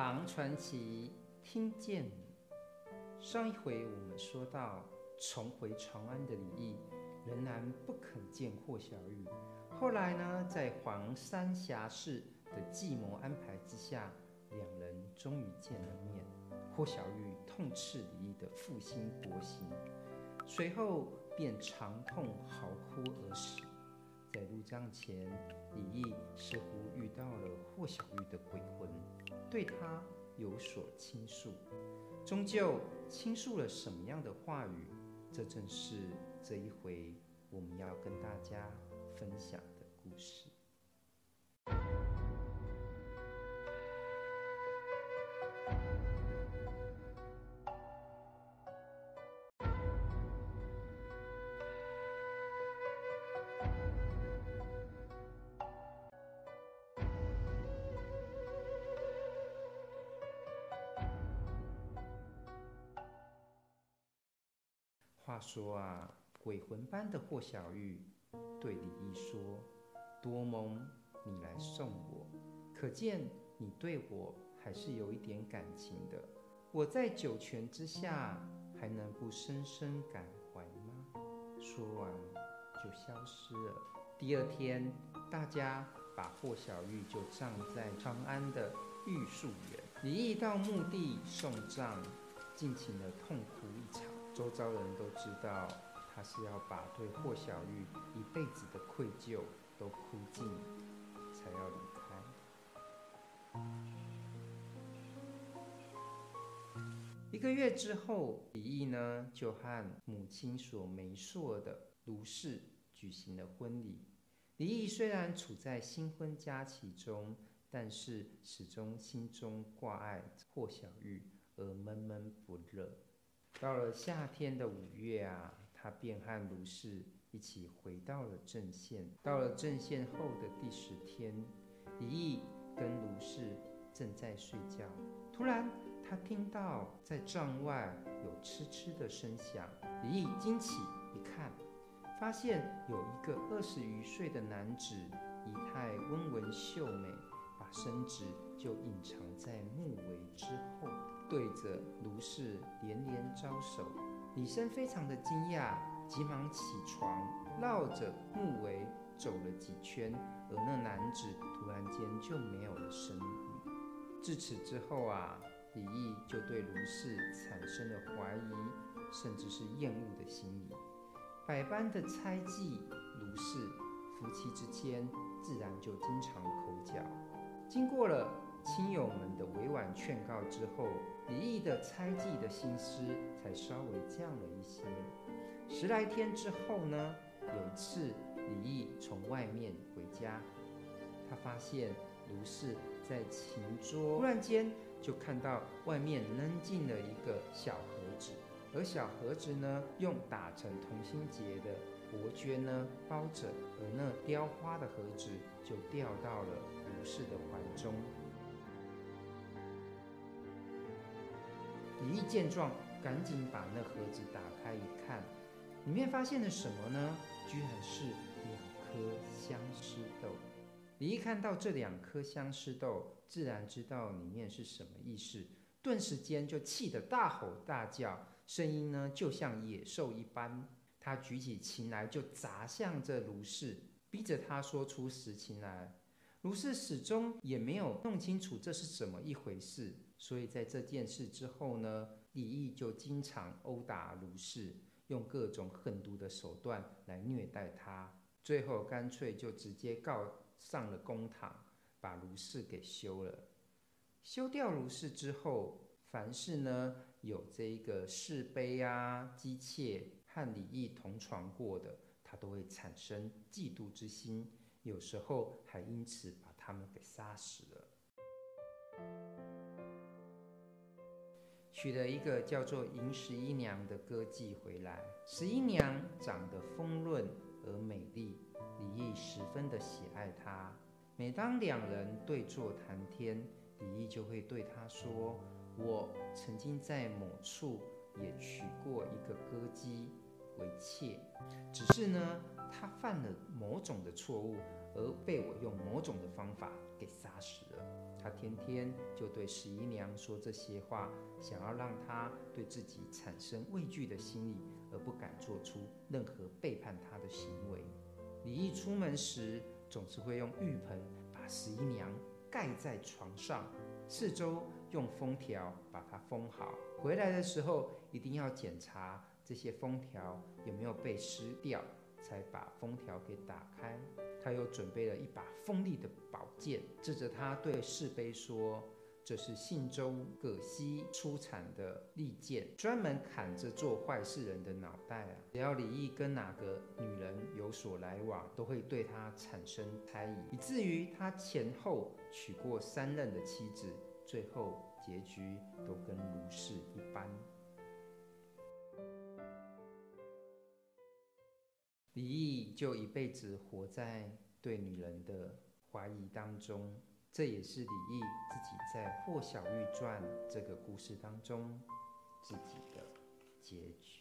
唐傳奇聽見你，上一回我們說到重回長安的李益仍然不肯見霍小玉。後來呢，在黃衫俠士的計謀安排之下，兩人終於見了面。霍小玉痛斥李益的負心薄幸，隨後便長慟號哭而死。葬前，李益似乎遇到了霍小玉的鬼魂，對他有所傾訴。終究傾訴了什麼樣的話語？這正是這一回我們要跟大家分享的故事。他說啊，鬼魂般的霍小玉對李益說：“多蒙你來送我，可見你對我還是有一點感情的。我在九泉之下還能不深深感懷嗎？”說完就消失了。第二天，大家把霍小玉就葬在長安的玉樹園。李益到墓地送葬，盡情的痛哭一場。周遭人都知道，他是要把對霍小玉一輩子的愧疚都哭盡，才要離開。一個月之後，李益呢就和母親所媒妁的盧氏舉行了婚禮。李益雖然處在新婚佳期中，但是始終心中掛礙霍小玉，而悶悶不樂。到了夏天的五月啊，他便和盧氏一起回到了鄭縣。到了鄭縣後的第十天，李益跟盧氏正在睡覺，突然他聽到在帳外有叱叱的聲響。李益驚起一看，發現有一個二十餘歲的男子，儀態溫文秀美。身子就隱藏在木圍之後，對着盧氏連連招手。李生非常的驚訝，急忙起床，繞着木圍走了幾圈，而那男子突然間就沒有了聲音。自此之後啊，李益就對盧氏產生了懷疑，甚至是厭惡的心理，百般的猜忌。盧氏夫妻之間自然就經常口角。經過了親友們的委婉勸告之後，李益的猜忌的心思才稍微降了一些。十來天之後呢，有一次李益從外面回家，他發現盧氏在琴桌，突然間就看到外面扔進了一個小盒子，而小盒子呢，用打成同心結的帛絹呢包着，而那雕花的盒子就掉到了盧氏的懷中，李益見狀，趕緊把那盒子打開一看，裡面發現了什麼呢？居然是兩顆相思豆。李益看到這兩顆相思豆，自然知道裡面是什麼意思，頓時間就氣得大吼大叫，聲音呢就像野獸一般。他舉起琴來就砸向這盧氏，逼着他說出實情來。盧氏始終也沒有弄清楚這是怎麼一回事，所以在這件事之後呢，李益就經常毆打盧氏，用各種狠毒的手段來虐待她，最後乾脆就直接告上了公堂，把盧氏給休了。休掉盧氏之後，凡是呢有這一個侍婢啊、姬妾和李益同床過的，他都會產生嫉妒之心。有時候還因此把他們給殺死了。娶了一個叫做銀十一娘的歌妓回來，十一娘長得豐潤而美麗，李益十分的喜愛她。每當兩人對坐談天，李益就會對她說：“我曾經在某處也娶過一個歌姬。”為妾，只是呢，他犯了某種的錯誤，而被我用某種的方法給殺死了。他天天就對十一娘說這些話，想要讓她對自己產生畏懼的心理，而不敢做出任何背叛他的行為。你一出門時，總是會用浴盆把十一娘蓋在床上，四周用封條把她封好。回來的時候，一定要檢查。這些封條有沒有被撕掉？才把封條給打開。他又準備了一把鋒利的寶劍,指着他對侍婢說：“這是信州葛溪出產的利劍，專門砍着做壞事人的腦袋啊！只要李益跟哪個女人有所來往，都會對他產生猜疑，以至於他前後娶過三任的妻子，最後結局都跟盧氏一般。”李益就一輩子活在對女人的懷疑當中，這也是李益自己在《霍小玉傳》這個故事當中自己的結局。